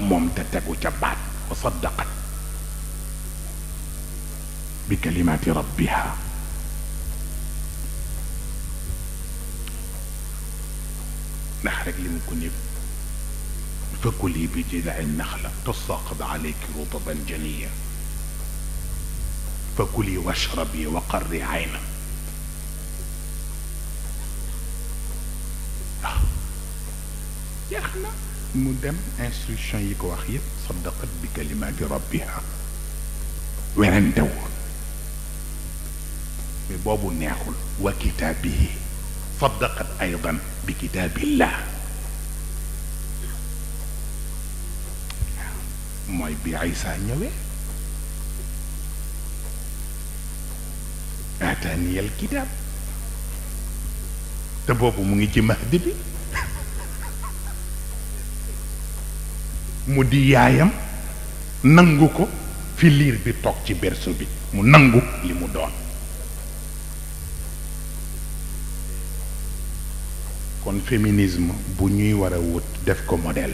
موم تتقو جبات وصدقت بكلمات ربها نحرق لمكن فكلي بجذع النخلة تساقط عليك رطبا جنيا فكلي واشربي وقري عينك مدام انستريكسيون يك واخ صدقت بكلمات ربها وين ندو بباب ناخل وكتابه صدقت ايضا بكتاب الله ما يبي عيسى نيوي اتاني الكتاب تبوبو مونجي مهدي بي mu di yaayam nangu ko fi liir bi toog ci berceau bi mu nangu li mu doon kon féminisme bu ñuy war a wut def ko model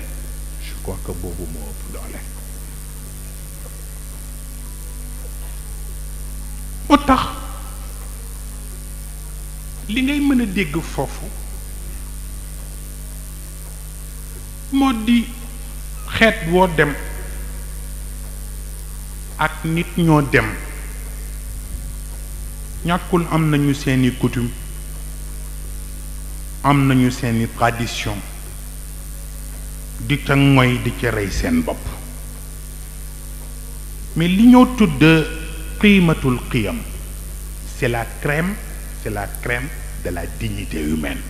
je crois boobu moo ëpp doole moo tax li ngay mën a dégg foofu moo xeet woo dem ak nit ñoo dem ñàkkul am nañu seeni coutume am nañu seeni tradition di ca ngoy di ca rey seen bopp mais li ñoo tudd qiimatul qiyam c'est la crème c'est la crème de la dignité humaine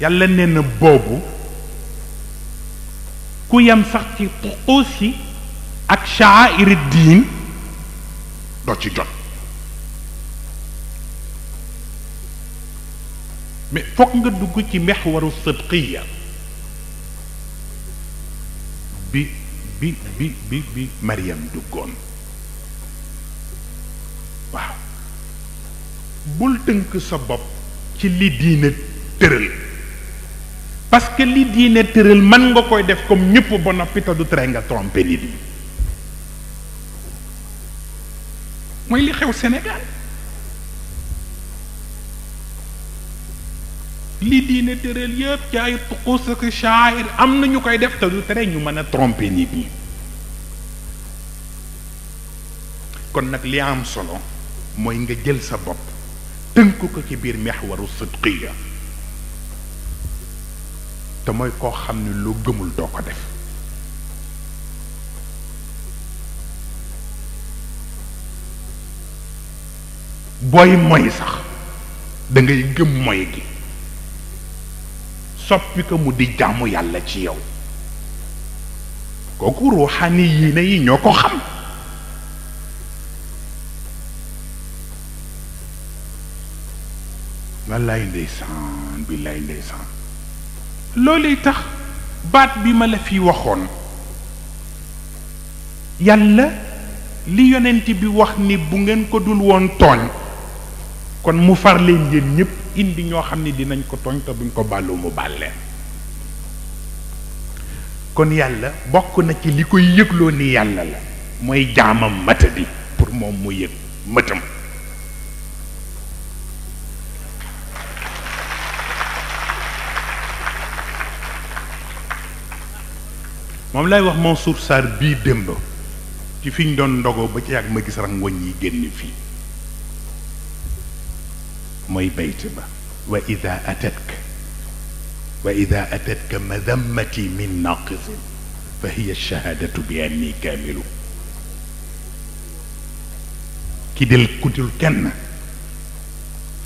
yàlla nee na boobu ku yem sax ci xuusi ak sha'air diin doo ci jot mais foog nga dugg ci mexwaru sidqiya bi bi bi bi bi mariam duggoon waaw bul tënk sa bopp ci li diine tëral parce que li diine tëral man nga koy def comme ñëpp ba noppi te du tere nga trompé nit ñi mooy li xew Sénégal li diine tëral yëpp ci ay tuquus ak shaayir am na ñu koy def te du tere ñu mën a trompé nit ñi kon nag li am solo mooy nga jël sa bopp tënk ko ci biir mexwaru sidqiya te mooy koo xam ne loo gëmul doo ko def booy moy sax da ngay gëm moy gi soppi ko mu di jaamu yàlla ci yow kooku ruuxaani yi ne yi ñoo ko xam wallaay ndeysaan billaay ndeysaan looluy tax baat bi ma la fi waxoon yàlla li yonent bi wax ni bu ngeen ko dul woon tooñ kon mu far leen yéen ñépp indi ñoo xam ni dinañ ko tooñ te buñ ko bàllu mu baal kon yàlla bokk na ci li koy yëgloo ni yàlla la mooy jaamam mata bi pour moom mu yëg mëtam mom lay wax Mansour Sarr bii démb ci fiñ don ndogo ba ci ak ma gis rangoñ yi génn fi moy bayt ba wa idha atatk wa idha atatk madammati min naqiz fa hiya ash-shahadatu bi anni kaamilu ki del kutul kenn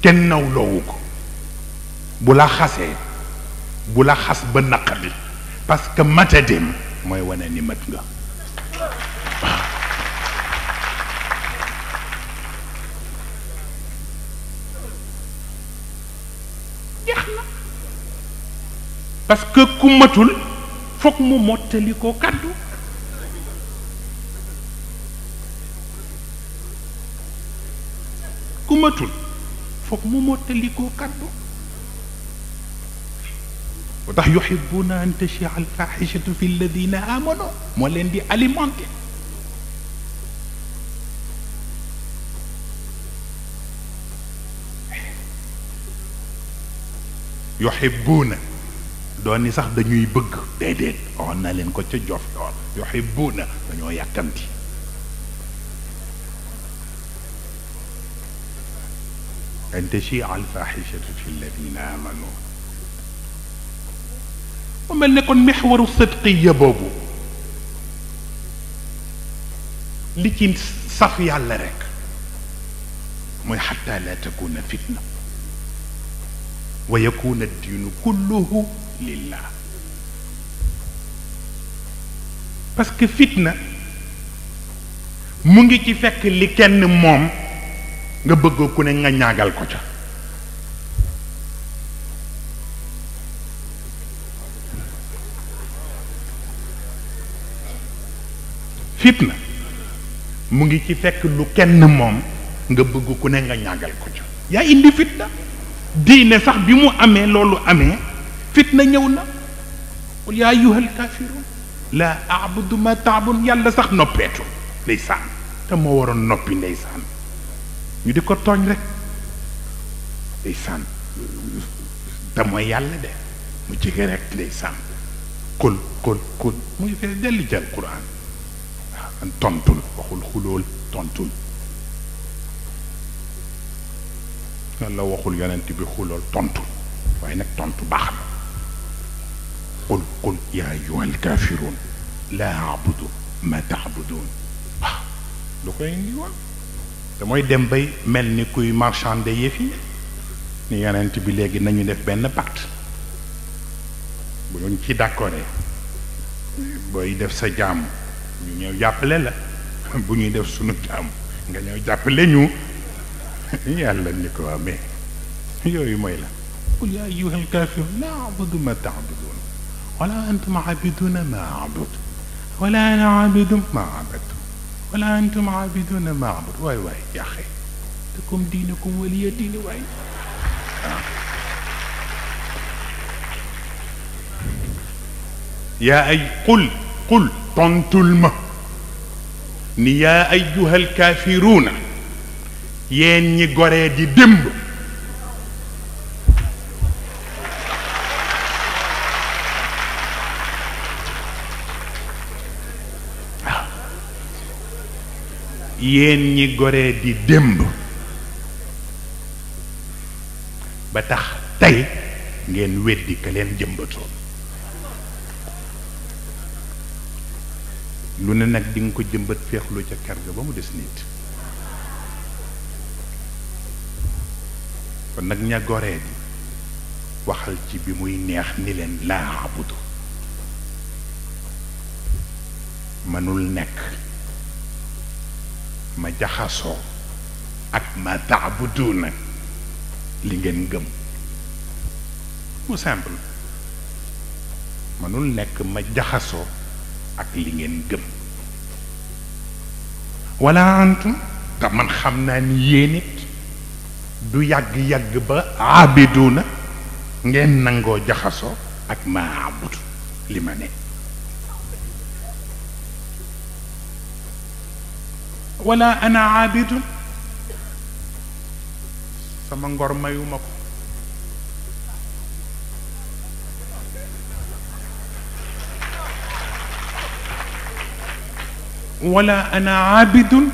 kenn naw loowu ko bu la xasee bu ba naqadi parce que matadeem mooy wane ni mat nga waaw na parce que ku matul foog mu mottali ko kàddu ku matul mu mottali ko kàddu tax yuhibbuna an tashia al fahishatu fi alladina amanu moo leen di alimenté yuhibbuna doon ni sax dañuy bëgg déedéet waxoon naa leen ko ca jof yoon yuhibbuna dañoo yàkkanti an tashia al fahishatu fi alladina amanu وما نكون محور الصدق الصدقية بابو لكن صفي على رك حتى لا تكون فتنة ويكون الدين كله لله بس فتنة مونجي كي فك اللي كان موم nga bëgg ku ne nga ñaagal ko ca fitna mu ngi ci fekk lu kenn moom nga bëgg ku ne nga ñàggal ko ci yaa indi fitna diine sax bi mu amee loolu amee fitna ñëw na qul yaa ayyuhal kaafiruun la abudu ma taabun yàlla sax noppeetu ndeysaan te moo waroon noppi ndeysaan ñu di ko tooñ rek ndeysaan te mooy yàlla de mu jege rek ndeysaan kul kul kul muy fees delli jël quraan an tontu la waxul xulool tontul yàlla waxul yonent bi xulool tontu waaye nag tontu baax na qul qul yaa ayuha alkaafiruun laa abudu ma taabuduun waaw lu koy indi woon te mooy dem bay mel ni kuy marchandé yëf yi ni yonent bi léegi nañu def benn pacte bu ñu ci d' accordé booy def sa jàmm ñu ñëw jàppale la bu ñuy def sunu jàmm nga ñëw jàppale ñu yàlla ni ko amee yooyu mooy la qul yaa ayuha alkafirun laa abudu ma taabudun wala antum abiduna ma abud wala ana abidu ma abadtu wala antum abiduna ma abud waay waay yàqe lakum diinukum waliya diini waay يا أي قل قل tontul ma ni yaa ayyuhal kaafiruuna yéen ñi goree di démb ba tax tey ngeen weddi ka leen jëmbatoo lu ne nag di ko jëmbat féexlu ca ker ga ba mu des nit kon nag ña goree di waxal ci bi muy neex ni leen laa mënul nekk ma jaxasoo ak ma taabuduuna li ngeen gëm mu simple mënul nekk ma jaxasoo ak li ngeen gëm wala antum te man xam naa ni yéen it du yàgg-yàgg ba aabiduna ngeen nangoo jaxasoo ak ma abudu li ma ne wala ana aabidun sama ngor mayuma ko wala ana aabidun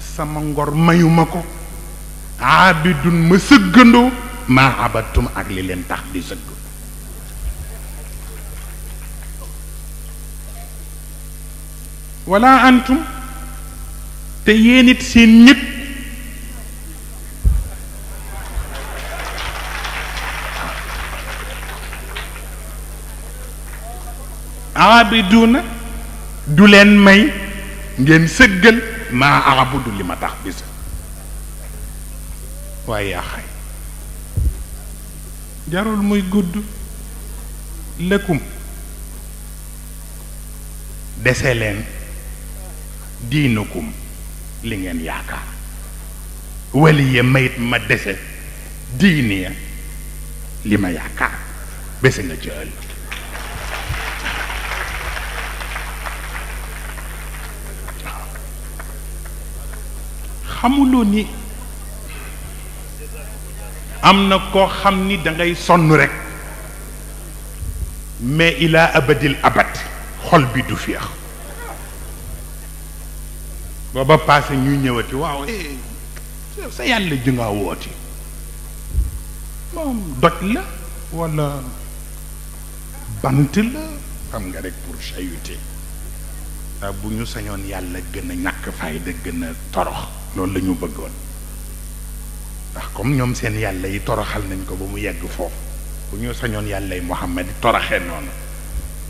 sama ngor mayuma ko aabidun ma sëggandoo maa abattum ak li leen tax di sëgg wala antum te yéen seen ñëpp aabiduuna du leen may ngeen sëggal maa aabudu li ma tax bisa waaye yaa xay jarul muy gudd lëkkum dese leen diinukum li ngeen yaakaar wali ya mayit ma dese diini ya li ma yaakaar bese nga ci xamuloo ni am na koo xam ni da ngay sonn rek mais ila abadil abad xol bi du féex ba ba passé ñu ñëwati waaw sa yàlla ji nga wooti moom doj la wala bant la xam nga rek pour chahuter bu ñu sañoon yàlla gën a ñàkk fayda gën a torox non lañu bëgg won ndax comme ñom seen yàlla yi toroxal nañ ko bu mu yegg fof bu ñu sañon yàlla yi Muhammad toroxee non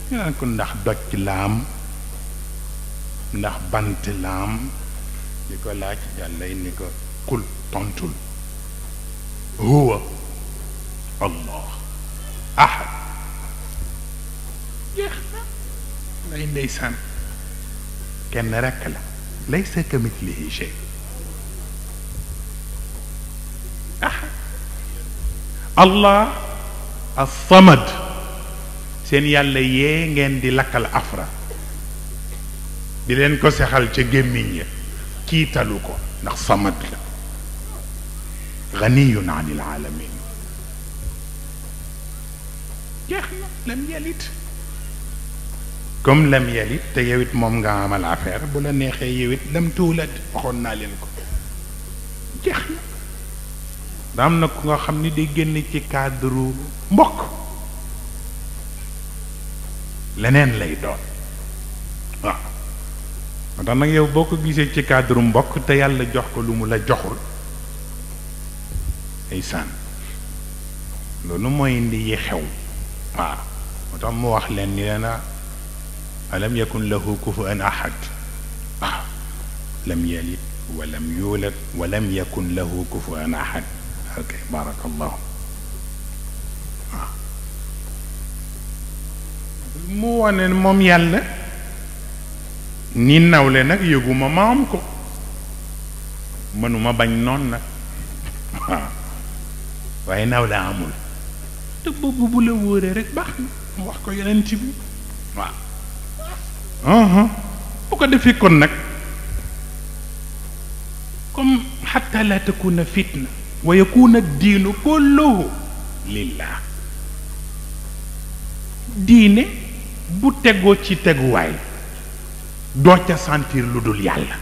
ñu naan ko ndax docc laam ndax bant laam diko ko laaj yàlla yi niko kul tontul huwa allah ahad jeex lay ndeysaan kenn rek la laysa kamithlihi shay الله الصمد سين يالا يينغن دي لاكال افرا دي لين كو سخال تي گيمين يا كي تالوكو نخ صمد لا غني عن العالمين كيخنا لم يلد كم لم يلد تا يويت موم غا امال افير بولا نيهي يويت لم تولد وخون نالينكو كيخنا da am na ku nga xam ni day génn ci cadre mbokk leneen lay doon waaw moo tax nag yow boo ko gisee ci cadre mbokk te yàlla jox ko lu mu la joxul ay sànn loolu mooy indi yi xew waaw moo tax mu wax leen ni leena alam yakun lahu kufuan ahad waaw lam yalid walam yulad walam yakun lahu kufuan ahad اوكي بارك الله mu wane moom yàlla ni nawle nag yëguma ma am ko mënuma bañ noon nag waaye nawle amul te boobu bu la wóoree rek baax na mu wax ko yonent bi waaw bu ko defee kon nag comme xatta laa takuna fitna wa yakuna diinu kulluhu lillah diine bu tegoo ci teguwaay doo ca sentir lu dul yàlla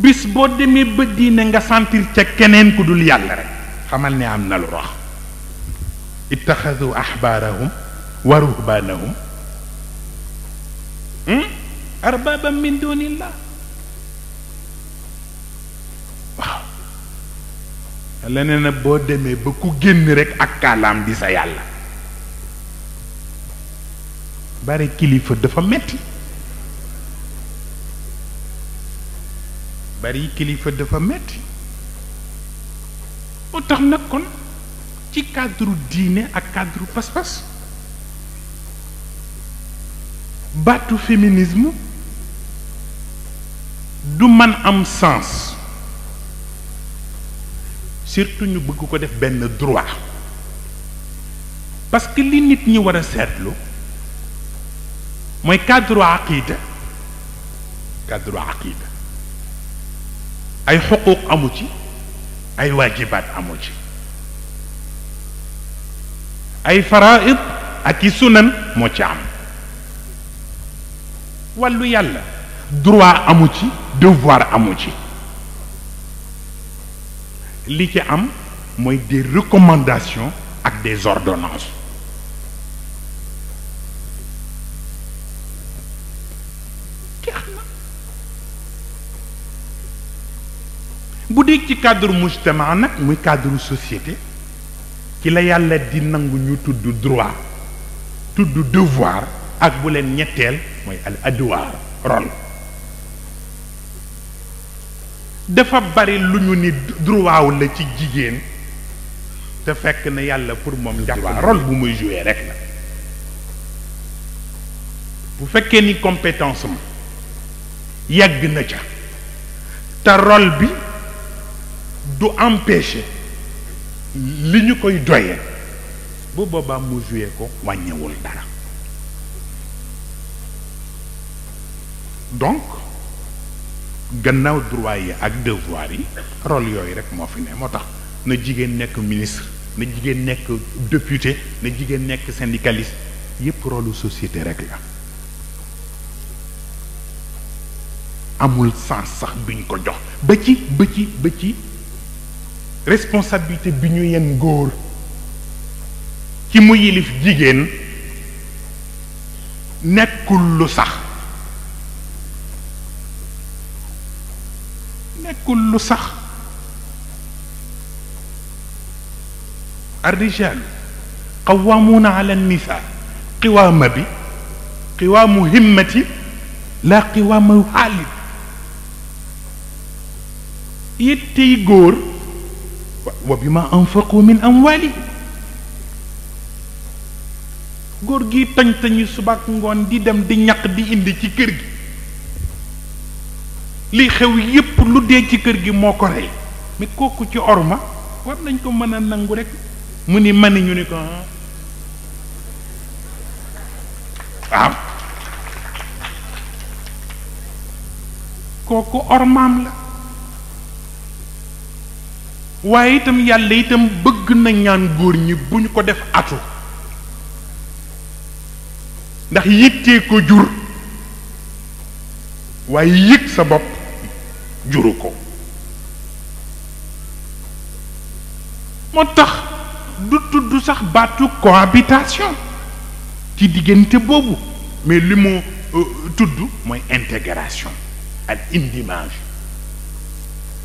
bis boo demee ba diine nga sentir ca keneen ku dul yàlla rek xamal ne am na lu rox ittaxadu axbaarahum wa ruhbaanahum hmm? arbaaban min duunillah leneen boo demee ba ku génn rekk ak kaalaam di sa yàlla bare kilifa dafa metti bari kilifa dafa metti moo tax nag ci cadre diine ak cadre pas-pas baatu féminisme du man am sens surtout ñu bëgg ko def benn droit parce que li nit ñi war a seetlu mooy cadre aqida cadre aqida ay xuquuq amu ci ay waajibaat amu ci ay faraid ak i sunan moo ci am wàllu yàlla droit amu ci devoir amu ci li ci am moy des recommandations ak des ordonnances bu dik ci cadre mujtama nak moy cadre société ki la yalla di nangu ñu tudd droit tudd devoir ak bu len ñettel moy al adwar rôle dafa bari luñu ni droit la ci jigéen te fekk na yalla pour mom un rôle bu muy joué rek la bu compétence am rôle bi du empêcher liñu koy doye bu vous mu jouer ko donc gannaaw droit yi ak devoir yi rek ne ministre na député na jigéen nekk syndicaliste yépp société rek la amul sens sax biñ ko jox ba ci ba ci ba ci responsabilité bi yenn góor yilif كل صح الرجال قوامون على النساء قوام بي قوام همتي لا قوام حالي يتي غور وبما انفقوا من اموالهم غور جي tañ tañi subaak ngoon di dem di ñaq di indi ci li xew yépp lu dee ci kër gi moo ko rey mais kooku ci orma war nañ ko mën a nangu rek mu ni mani ñu ni ko waaw ah. ah. kooku ormaam la waaye itam yàlla itam bëgg na ñaan góor ñi bu ñu ko def atu ndax yittee ko jur waaye yëg sa bopp juru ko moo tax du tudd sax baatu cohabitation ci diggante boobu mais li mu euh, tudd mooy intégration ak indimage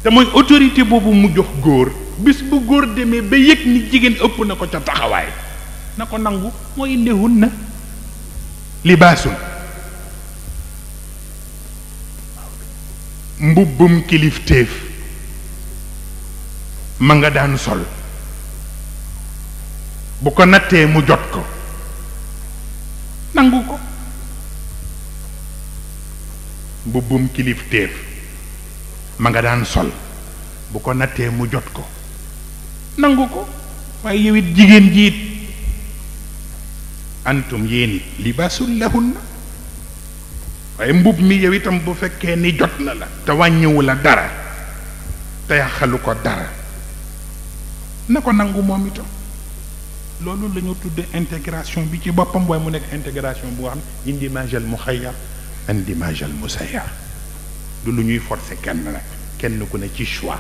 te mooy autorité boobu mu jox góor bis bu góor demee ba yëg ni jigéen ëpp na ko ca taxawaay na ko nangu mooy indihun na libaasun mbubbum kiliftéef ma nga daan sol bu ko nattee mu jot ko nangu ko mbubbum kiliftéef ma nga daan sol bu ko nattee mu jot ko nangu ko waaye yow jigéen jiit antum yéen it libaasul lahunna waaye mbub mi yow itam bu fekkee ni jot na la te wàññiwu la dara te yàqalu ko dara na ko nangu moom itam loolu la ñu tudde intégration bi ci boppam waaye mu nekk intégration bu nga xam indimage al muxayyar indi majal musayyar du lu ñuy forcer kenn nag kenn ku ne ci choix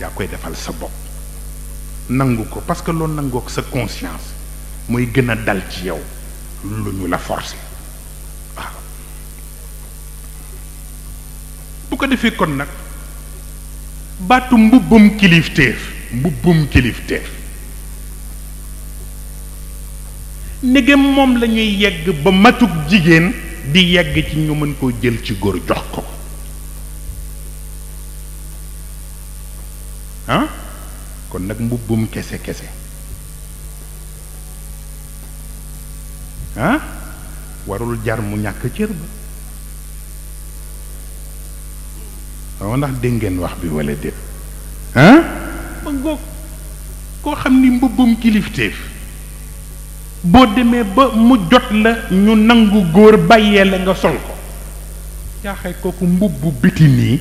yaa koy defal sa bopp nangu ko parce que loolu nangook sa conscience mooy gën a dal ci yow lu ñu la forcer bu ko defee kon nag baatu mbubbum kilifteef mbubbum kilifteef ndegem moom la ñuy yegg ba matuk jigéen di yegg ci ñu mën koo jël ci góor jox ko ah kon nag mbubbum kese kese ah warul jar mu ñàkk cër ba xaw ndax dégg ngeen wax bi wala déet ah ma ngoog koo xam ni mbubbum kilifteef boo demee ba mu jot la ñu nangu góor bàyyee la nga sol ko jaaxee kooku mbubbu biti nii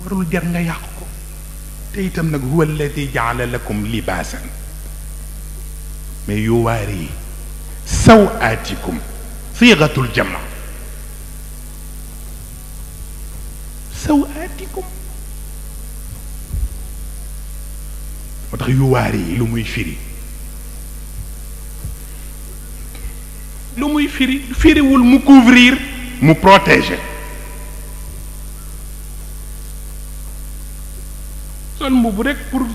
warul jar nga yàq ko te itam nag huwa alladi jaala lakum libaasan mais yuwaari sawaatikum siixatul jamaa سوءاتكم وتغيواري لمو يفيري لمو يفيري فيري ول مكوفرير مو بروتيجي سون مو بريك بور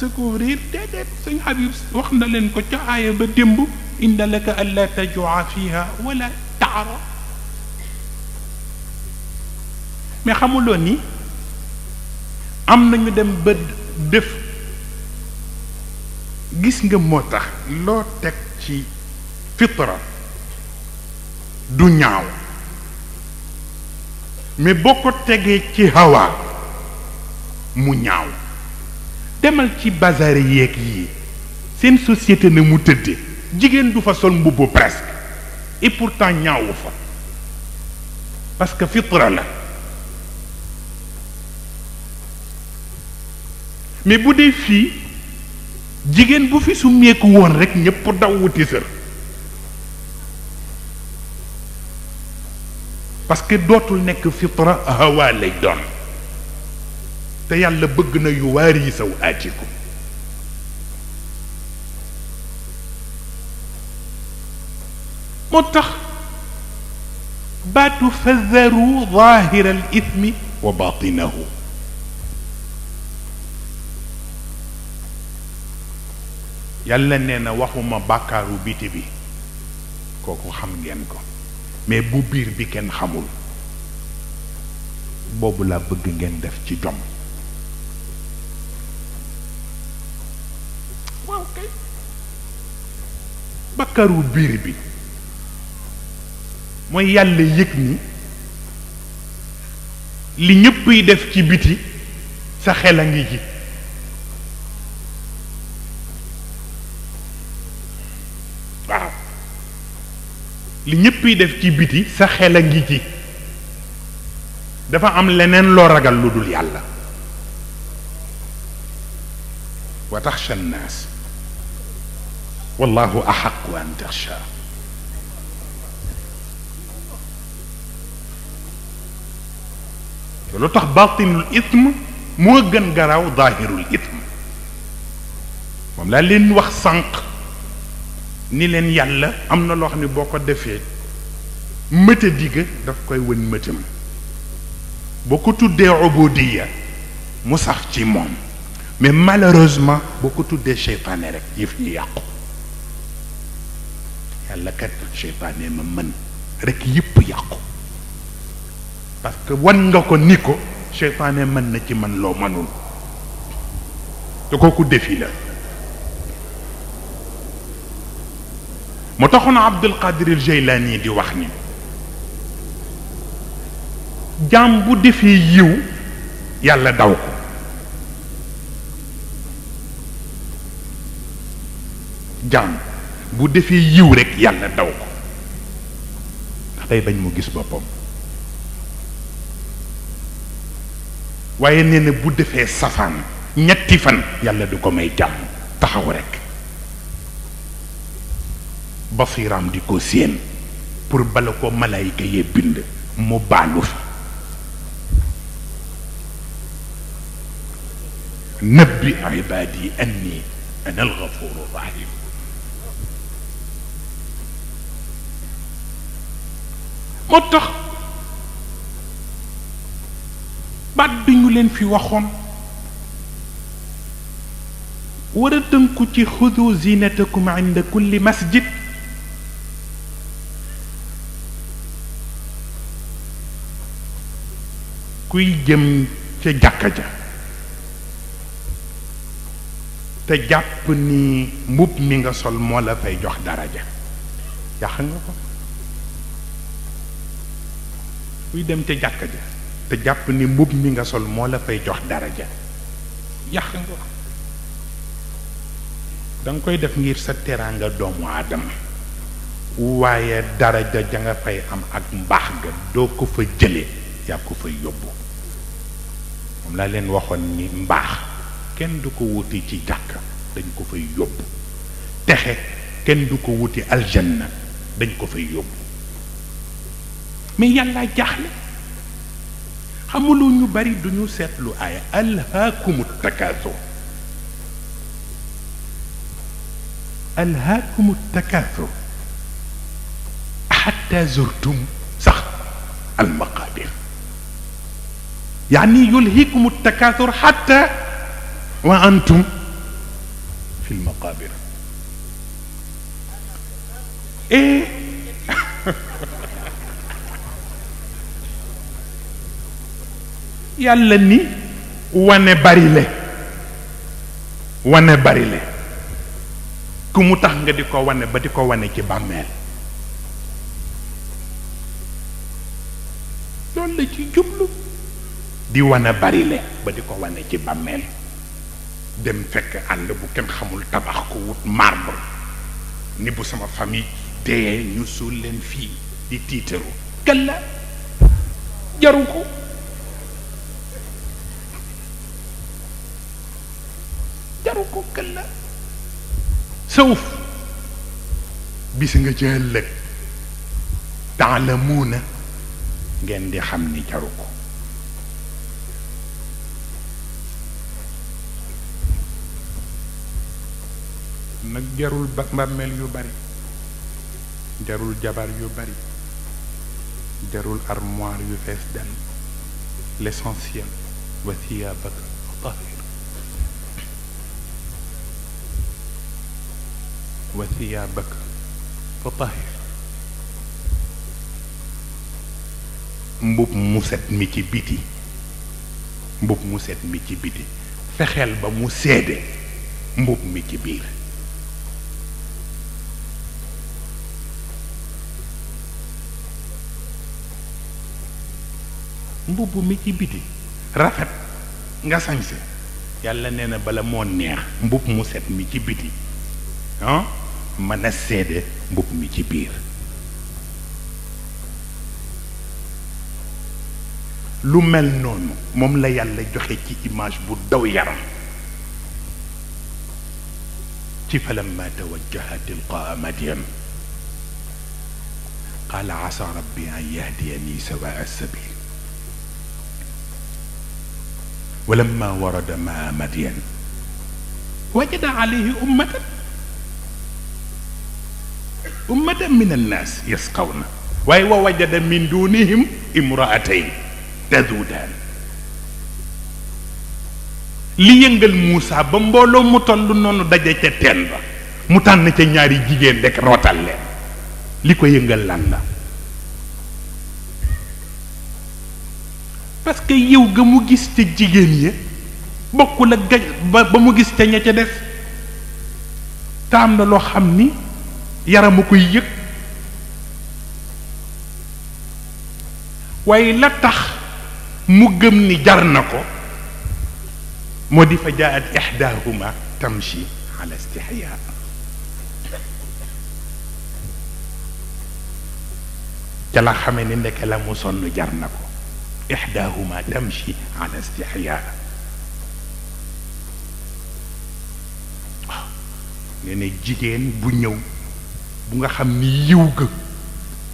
سكوفرير ديدي سي حبيب واخنا لين كو تي با ديمبو ان لك الا تجوع فيها ولا تعرف mais xamuloo ni am nañu dem ba def gis nga moo tax loo teg ci fitra du ñaaw mais boo ko tegee ci hawa mu ñaaw demal ci bazar yeeg yi seen société na mu tëdde jigéen du fa sol mbubbu presque et pourtant ñaawu fa parce que fitra la mais bu dee fii jigéen bu fi summeeku woon rek ñëpp daw wuti sër parce que dootul nekk fitra hawa lay doon te yàlla bëgg na yu waar yi saw aatiku moo tax baatu fazaru zahira al ithmi yàlla nee na waxuma bàkkaaru biti bi kooku xam ngeen ko mais bu biir bi kenn xamul boobu laa bëgg ngeen def ci jom waaw biir bi mooy yàlla yëg ni li ñëpp def ci biti sa xel a ngi ji li ñëpp yi def ci biti sa xel a ngi ci dafa am leneen loo ragal lu dul yàlla wa taxsha nnaas wallahu axaqu an taxsha te lu tax batinul ithm moo gën garaaw zahirul ithm moom laa leen wax sànq ni leen yàlla am na loo xam ne boo ko defee mëte digg daf koy wën mëtam boo ko tuddee ubudiya mu sax ci moom mais malheureusement boo ko tuddee seytaane rek yëf yi yàqu yàlla kat seytaane ma mën rek yëpp yàqu parce que wan nga ko ni ko seytaane mën na ci man loo mënul te kooku defi la moo taxoon Abdul Qadir al Jaylaani di wax ni jaam bu defee yiw yàlla daw ko jaam bu defee yiw rek yàlla daw ko ndax day bañ mu gis boppam waaye nee na bu defee safaan ñetti fan yàlla du ko may jàmm taxaw rek basiram di ko séen pour bala ko malayka yee bind mu baalu fi nabbi ibaadi anni ana alxafuru rahim moo tax baat bi ñu leen fi waxoon war a tënku ci xudu zinatakum inda kulli masjid kuy jëm ca jàkka ja te jàpp ni mbubb mi nga sol moo la fay jox daraja yàq nga ko kuy dem ca jàkka ja te jàpp ni mbubb mi nga sol moo la fay jox daraja yàq nga ko danga koy def ngir sa teraanga doomu aadama waaye daraja ja nga fay am ak mbaax ga doo ko fa jëlee yaa ko fay yóbbu moom laa leen waxoon ni mbaax kenn du ko wuti ci jàkk dañ ko fay yóbbu texe kenn du ko wuti aljanna dañ ko fay yóbbu mais yàlla jaaxle xamulu ñu bari du ñu seetlu aaya alhaakumu takaasur alhaakumu takaasur xatta zurtum sax almaqaabir يعني يلهيكم التكاثر حتى وأنتم في المقابر إيه يلا ني ونبريله ونبريله كم تخنق ديكو وانا ديكو ونبريله di wane bari le ba di ko wane ci bàmmeel dem fekk àll bu kenn xamul tabax ko wut marbre ni bu sama famille dee ñu suul leen fii di tiitaru kalla jaru ko jaru ko kalla sawuf bis nga ci ëllëg taalamuuna ngeen di xam ni jaru ko nag jarul mbàmmeel yu bari jarul jabar yu bari jarul armoire yu fees dal l'essentiel wa thiyaabaka fatahir wa thiyaabaka fatahir mbub mu set mi ci biti mbub mu set mi ci biti fexeel ba mu seede mbub mi ci biir mbubu mi ci biti rafet nga sañse yàlla nee bala mo neex mbubb mu set mi ci biti han mana sédé seede mi ci biir lu mel non mom la yàlla joxe ci image bu daw yaram ci falam ma tawajjahat tilqaa madyan قال عسى ربي أن يهديني سواء السبيل walamma warada maa madyan wajada alayhi ummatan ummatan min annaas yasqawna waaye wa wajada min dunihim imraatayn taduudaan li yëngal Moussa ba mbooloo mu toll noonu daje ca teen ba mu tànn ca ñaari jigéen rek rootal leen li ko yëngal lan la parce que yow gamu gis te jigen ya bokku la gaj ba mu gis te ña def tam na lo xamni yaram ko yek way la tax mu gëm ni jar nako ko fa jaat ihdahuma tamshi ala istihya ca la xamé ni nek la mu sonu jar nako إحداهما تمشي على استحياء لأن الجيجين بو نيو بوغا خامي ييوغا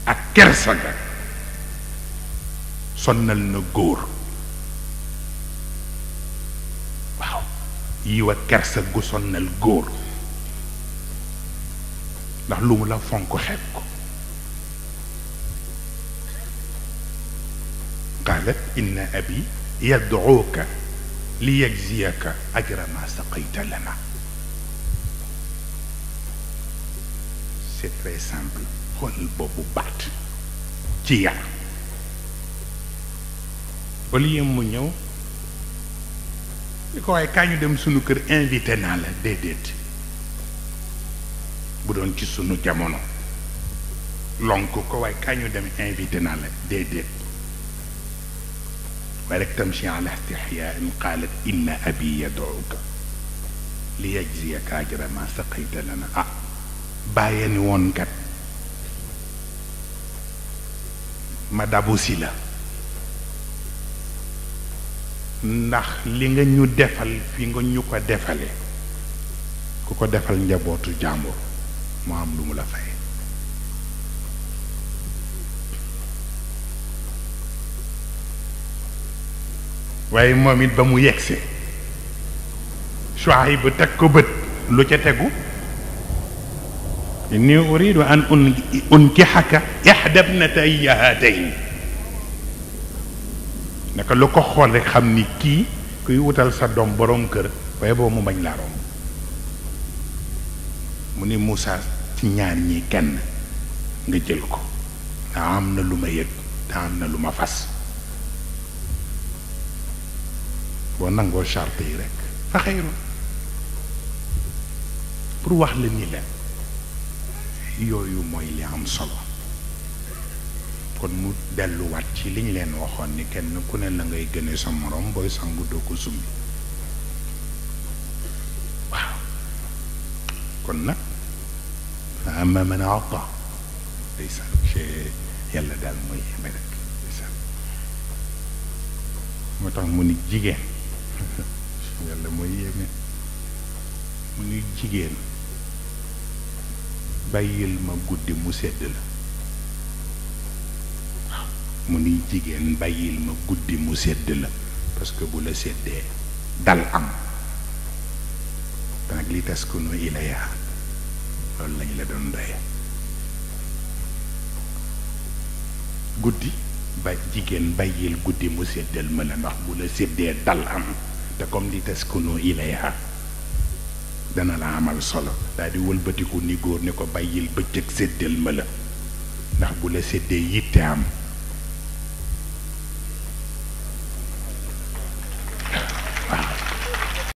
اك كيرساغا سونال نا غور واو ييوا كيرسا غو سونال غور ناخ لا فونكو خيبكو qaalat inna abi yad'uuka li yajziyaka ajra ma saqayta lana c'est très simple xoolal boobu baat ci yar au mu ñëw li ko waaye kaa ñu dem sunu kër invité naa la déedéet bu doon ci sunu jamono lonk ko waaye kaa ñu dem invité naa la déedéet ولك تمشي على استحياء قالت إن أبي يدعوك ليجزيك أجر ما سقيت لنا أه. باين ونكت ما دابو سيلا ndax li nga ñu defal fi nga ñu ko defalee ku ko defal njabootu jàmbur mu am waaye moom it ba mu yegsee Shuayb bu teg ko bët lu ca tegu inni uridu an unkihaka ihda ibnatayya hatayn naka lu ko xool rek xam ni kii kuy wutal sa doom borom kër waaye boobu mu bañ laa rom mu ni Moussa ci ñaar ñi kenn nga jël ko te am na lu ma yëg te am na lu ma fas boo nangoo charte yi rek fa xayru pour wax la ni la yooyu mooy li am solo kon mu delluwaat ci li leen waxoon ni kenn ku ne la ngay gëne sa morom booy sangu doo ko summi waaw kon nag fa amma man ata moo tax mu ni jigéen yàlla mooy yéeme mu nuy jigéen bàyyil ma guddi mu sedd la mu nuy jigéen bàyyil ma guddi mu sedd la parce que bu la seddee dal am danak li tas ko nu ilaya loolu lañ la doon doye guddi ba jigéen bàyyil guddi mu séddal ma la ndax bu la séddee dal am te comme li taskunu ilayha dana la amal solo daal di wëlbatiku ni góor ne ko bàyyil bëccëg séddal ma la ndax bu la séddee yitte am